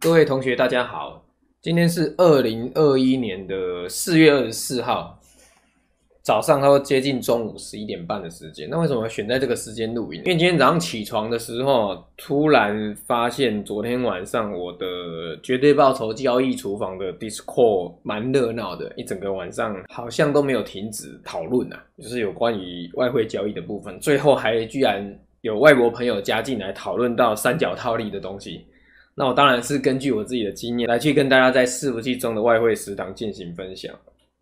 各位同學，大家好。今天是二零二一年的四月二十四號早上，會接近中午十一點半的時間。那為什麼選在這個時間錄音？因為今天早上起床的時候，突然發現昨天晚上我的《絕對報酬交易廚房》的 Discord 蠻熱鬧的，一整個晚上好像都沒有停止討論啊，就是有關於外匯交易的部分。最後還居然有外國朋友加進來討論到三角套利的東西。那我當然是根據我自己的經驗來去跟大家在伺服器中的外匯食堂進行分享。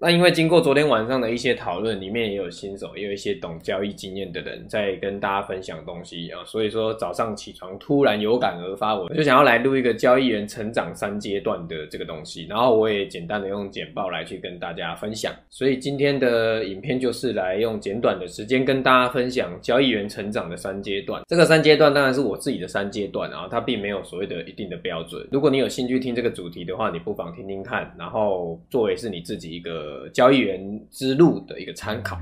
那因為經過昨天晚上的一些討論，裡面也有新手，也有一些懂交易經驗的人在跟大家分享東西啊，所以說早上起床突然有感而發，我就想要來錄一個交易員成長三階段的這個東西，然後我也簡單的用簡報來去跟大家分享。所以今天的影片就是來用簡短的時間跟大家分享交易員成長的三階段。這個三階段當然是我自己的三階段啊，它並沒有所謂的一定的標準。如果你有興趣聽這個主題的話，你不妨聽聽看，然後作為是你自己一個。呃，交易員之路的一個參考。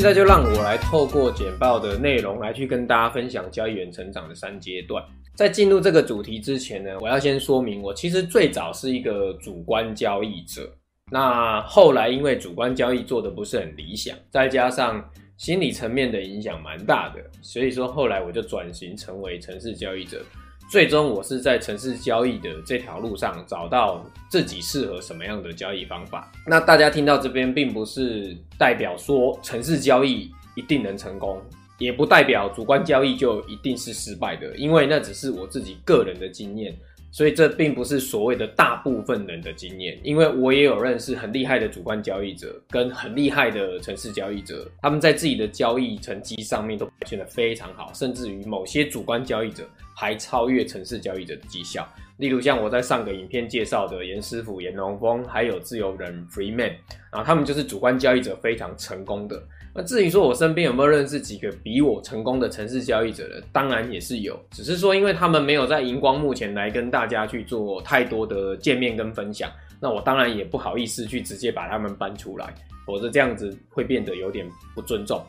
現在就讓我來透過簡報的內容來去跟大家分享交易員成長的三階段。在進入這個主題之前呢，我要先說明，我其實最早是一個主觀交易者，那後來因為主觀交易做得不是很理想，再加上心理層面的影響蠻大的，所以說後來我就轉型成為程式交易者。最終，我是在程式交易的這條路上找到自己適合什麼樣的交易方法。那大家聽到這邊，並不是代表說程式交易一定能成功，也不代表主觀交易就一定是失敗的，因為那只是我自己個人的經驗。所以這並不是所謂的大部分人的經驗，因為我也有認識很厲害的主觀交易者跟很厲害的程式交易者，他們在自己的交易成績上面都表現得非常好，甚至於某些主觀交易者還超越程式交易者的績效。例如像我在上個影片介紹的嚴師傅嚴龍峰，還有自由人 Free Man，啊，他們就是主觀交易者非常成功的。那至於說我身邊有沒有認識幾個比我成功的程式交易者呢？當然也是有，只是說因為他們沒有在熒光幕前來跟大家去做太多的見面跟分享，那我當然也不好意思去直接把他們搬出來，否則這樣子會變得有點不尊重。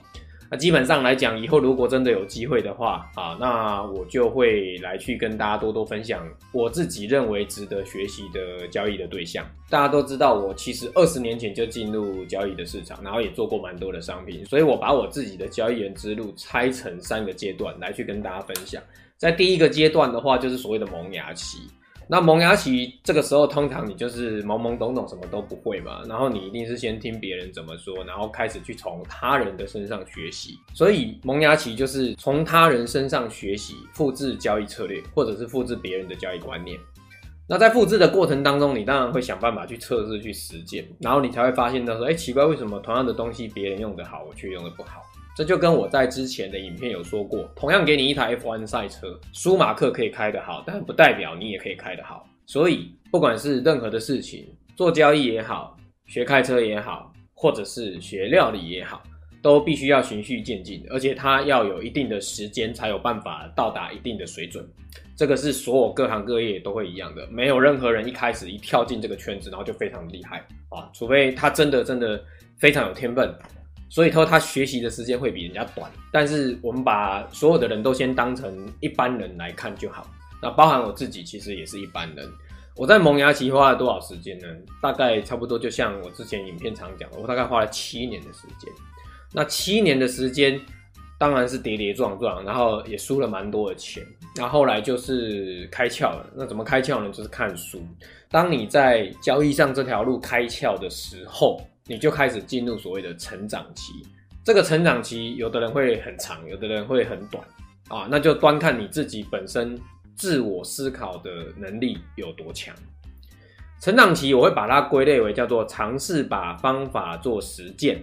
那基本上來講，以後如果真的有機會的話，啊，那我就會來去跟大家多多分享我自己認為值得學習的交易的對象。大家都知道，我其實二十年前就進入交易的市場，然後也做過蠻多的商品，所以我把我自己的交易員之路拆成三個階段來去跟大家分享。在第一個階段的話，就是所謂的萌芽期。那萌芽期這個時候，通常你就是懵懵懂懂，什麼都不會嘛。然後你一定是先聽別人怎麼說，然後開始去從他人的身上學習。所以萌芽期就是從他人身上學習，複製交易策略，或者是複製別人的交易觀念。那在複製的過程當中，你當然會想辦法去測試、去實踐，然後你才會發現到說，哎、欸，奇怪，為什麼同樣的東西別人用得好，我卻用得不好？這就跟我在之前的影片有說過，同樣給你一台 F1 賽車，舒馬克可以開得好，但不代表你也可以開得好。所以，不管是任何的事情，做交易也好，學開車也好，或者是學料理也好，都必須要循序漸進，而且它要有一定的時間才有辦法到達一定的水準。這個是所有各行各業都會一樣的，沒有任何人一開始一跳進這個圈子，然後就非常厲害啊，除非他真的真的非常有天分。所以他說他學習的時間會比人家短，但是我們把所有的人都先當成一般人來看就好。那包含我自己其實也是一般人。我在萌芽期花了多少時間呢？大概差不多就像我之前影片常講，我大概花了七年的時間。那七年的時間當然是跌跌撞撞，然後也輸了蠻多的錢。那後來就是開竅了。那怎麼開竅呢？就是看書。當你在交易上這條路開竅的時候。你就開始進入所謂的成長期，這個成長期有的人會很長，有的人會很短，啊，那就端看你自己本身自我思考的能力有多強。成長期我會把它歸類為叫做嘗試把方法做實踐，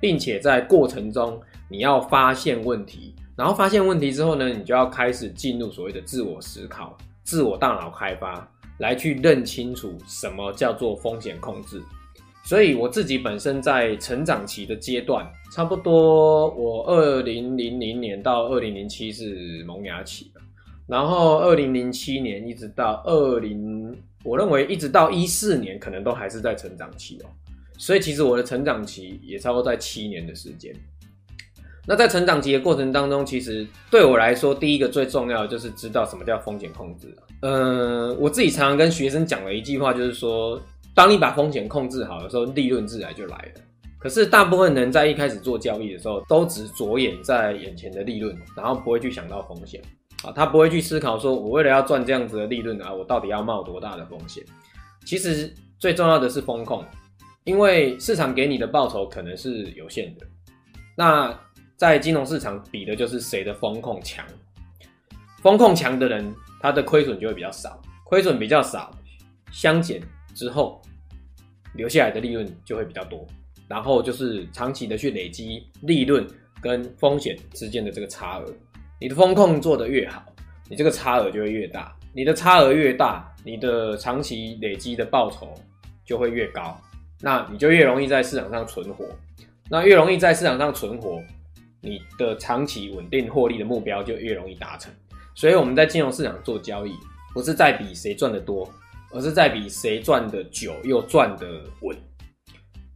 並且在過程中你要發現問題，然後發現問題之後呢，你就要開始進入所謂的自我思考、自我大腦開發，來去認清楚什麼叫做風險控制。所以我自己本身在成長期的階段，差不多我二零零零年到二零零七是萌芽期，然後二零零七年一直到二零，我認為一直到一四年可能都還是在成長期哦。所以其實我的成長期也差不多在七年的時間。那在成長期的過程當中，其實對我來說，第一個最重要的就是知道什麼叫風險控制。嗯，我自己常常跟學生講的一句話就是說。當你把風險控制好的時候，利潤自然就來了。可是大部分人在一開始做交易的時候，都只着眼在眼前的利潤，然後不會去想到風險啊。他不會去思考說，我為了要賺這樣子的利潤啊，我到底要冒多大的風險？其實最重要的是風控，因為市場給你的報酬可能是有限的。那在金融市場比的就是誰的風控強，風控強的人，他的虧損就會比較少，虧損比較少，相減之後。留下來的利潤就會比較多，然後就是長期的去累積利潤跟風險之間的這個差額。你的風控做得越好，你這個差額就會越大。你的差額越大，你的長期累積的報酬就會越高。那你就越容易在市場上存活，那越容易在市場上存活，你的長期穩定獲利的目標就越容易達成。所以我們在金融市場做交易，不是在比誰賺得多。而是在比誰賺的久又賺的穩，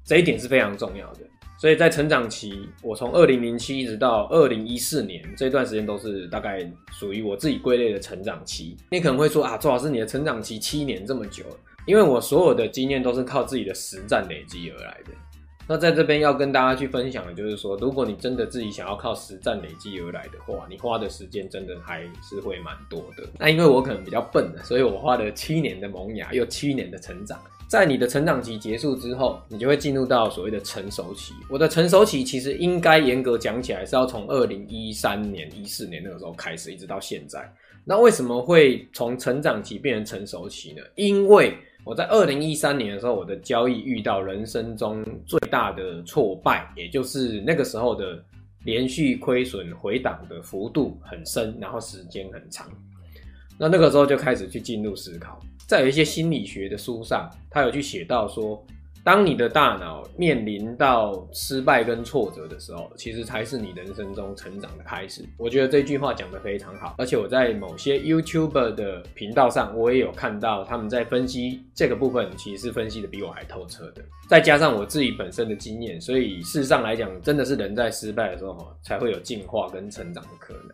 這一點是非常重要的。所以在成長期，我從二零零七一直到二零一四年這段時間，都是大概屬於我自己歸類的成長期。你可能會說啊，周老師你的成長期七年這麼久，因為我所有的經驗都是靠自己的實戰累積而來的。那在這邊要跟大家去分享的就是說，如果你真的自己想要靠實戰累積而來的話，你花的時間真的還是會蠻多的。那因為我可能比較笨，所以我花了七年的萌芽，又七年的成長。在你的成長期結束之後，你就會進入到所謂的成熟期。我的成熟期其實應該嚴格講起來是要從二零一三年、一四年那個時候開始，一直到現在。那為什麼會從成長期變成成熟期呢？因為我在二零一三年的時候，我的交易遇到人生中最大的挫敗，也就是那個時候的連續虧損回檔的幅度很深，然後時間很長。那那個時候就開始去進入思考，在有一些心理學的書上，他有去寫到說。當你的大腦面臨到失敗跟挫折的時候，其實才是你人生中成長的開始。我覺得這句話講得非常好，而且我在某些 YouTuber 的頻道上，我也有看到他們在分析這個部分，其實是分析得比我還透徹的。再加上我自己本身的經驗，所以事實上來講，真的是人在失敗的時候，才會有進化跟成長的可能。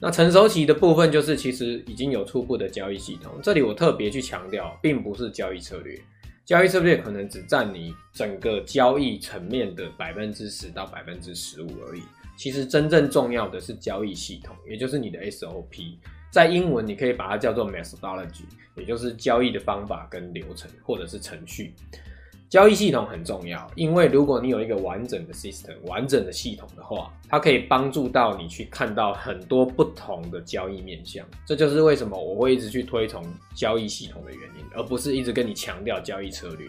那成熟期的部分，就是其實已經有初步的交易系統。這裡我特別去強調，並不是交易策略。交易策略可能只佔你整個交易層面的百分之十到百分之十五而已。其實真正重要的是交易系統，也就是你的 SOP。在英文你可以把它叫做 methodology，也就是交易的方法跟流程，或者是程序。交易系統很重要，因為如果你有一個完整的 system，完整的系統的話，它可以幫助到你去看到很多不同的交易面向。這就是為什麼我會一直去推崇交易系統的原因，而不是一直跟你強調交易策略。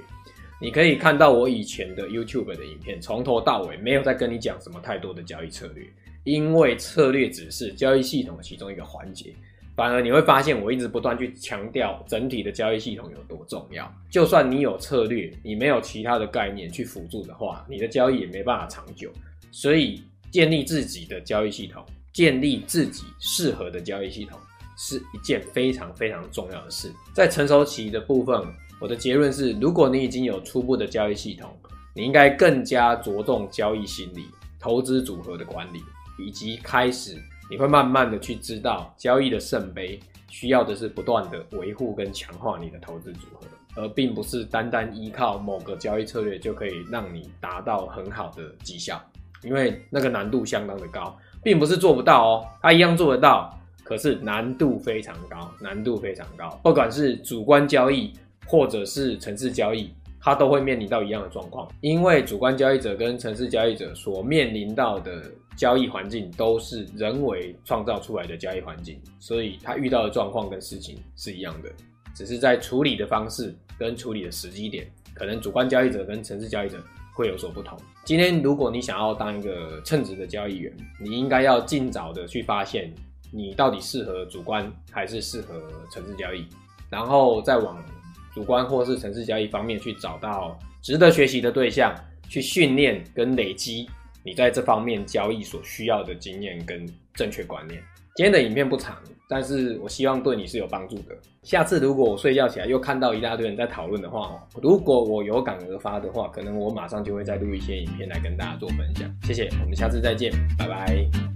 你可以看到我以前的 YouTube 的影片，從頭到尾沒有在跟你講什麼太多的交易策略，因為策略只是交易系統其中一個環節。反而你會發現，我一直不斷去強調整體的交易系統有多重要。就算你有策略，你沒有其他的概念去輔助的話，你的交易也沒辦法長久。所以，建立自己的交易系統，建立自己適合的交易系統，是一件非常非常重要的事。在成熟期的部分，我的結論是：如果你已經有初步的交易系統，你應該更加着重交易心理、投資組合的管理，以及開始。你會慢慢的去知道，交易的聖杯需要的是不斷的維護跟強化你的投資組合，而並不是單單依靠某個交易策略就可以讓你達到很好的績效，因為那個難度相當的高，並不是做不到哦，他一樣做得到，可是難度非常高，難度非常高。不管是主觀交易或者是程式交易，它都會面臨到一樣的狀況，因為主觀交易者跟程式交易者所面臨到的。交易環境都是人為創造出來的交易環境，所以他遇到的狀況跟事情是一樣的，只是在處理的方式跟處理的時機點，可能主觀交易者跟程式交易者會有所不同。今天如果你想要當一個稱職的交易員，你應該要儘早的去發現你到底適合主觀還是適合程式交易，然後再往主觀或是程式交易方面去找到值得學習的對象，去訓練跟累積。你在這方面交易所需要的經驗跟正確觀念。今天的影片不長，但是我希望對你是有幫助的。下次如果我睡覺起來又看到一大堆人在討論的話，如果我有感而發的話，可能我馬上就會再錄一些影片來跟大家做分享。謝謝，我們下次再見，拜拜。